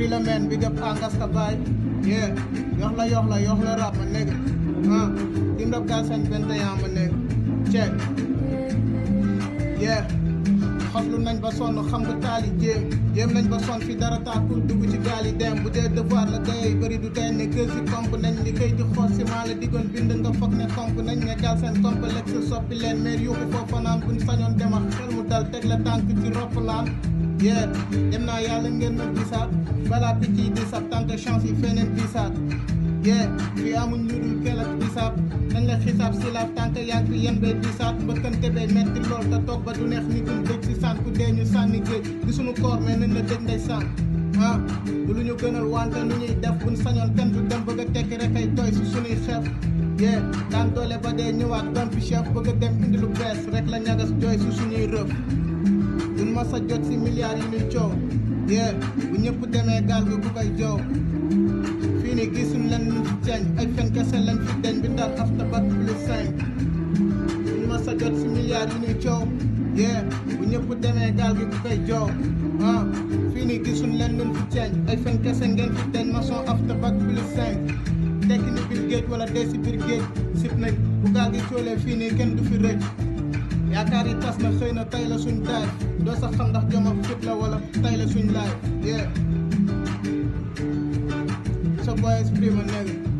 April a man, big up Angas vibe. Yeah, yohla yohla yohla rap, my nigga. Uh, team up guys and bente ya, my nigga. Check. Yeah. xamlu nañ ba sonn xam nga taali jéem jéem nañ ba sonn fi dara taal pour dugg ci gaal yi dem bu dee devoir la tey bëri du tey ne kër si komp nañ ni këy di xoos si maa la diggoon bind nga foog ne komp nañ ne gaal seen complexe soppi leen mais yuuxu foofa naan buñ sañoon dema xel mu dal teg la tànk ci ropp laan yeer dem naa yàlla ngeen ma gisaat balaa picc yi di sab tante chance yi feneen gisaat yeer fi amuñ ñu dul kel ak gisaat dañ la xisaab si laaf tànk yaa ngi fi yem bee gisaat mbëkkante bee metti lool toog ba du neex ni duñ dëj si sant ku dee ñu sànni di suñu koor mais nañ dëj ndey sant ah lu ñu gënal wante nu ñuy def buñ sañoon kenn du dem bëgg a tekki rek ay doy si suñuy xeef yee daan doole ba dee ñëwaat doon fi chef bëgg a dem indi lu bees rek la ñagas mas a jot si milliards yi ñuy coow yee bu ñëpp demee gaal bi ku koy joow fii ni gisuñ leen ñu ceeñ ay fen kese fi deñ bi ndar after bac cinq ñu mas jot si milliards yi ñuy coow yee bu ñëpp demee gaal bi ku koy joow ah fii ni gisuñ leen ñu ceeñ ay fen kese fi deñ maçon after bac plus cinq tekki ni biir wala dee si biir géej gaal gi coolee fii nii kenn du fi rëcc yaakaar yi tas na xëy na tey la suñ taay doo sax xam ndax jom ak la wala tey la suñ laay yeah sa boy exprime nel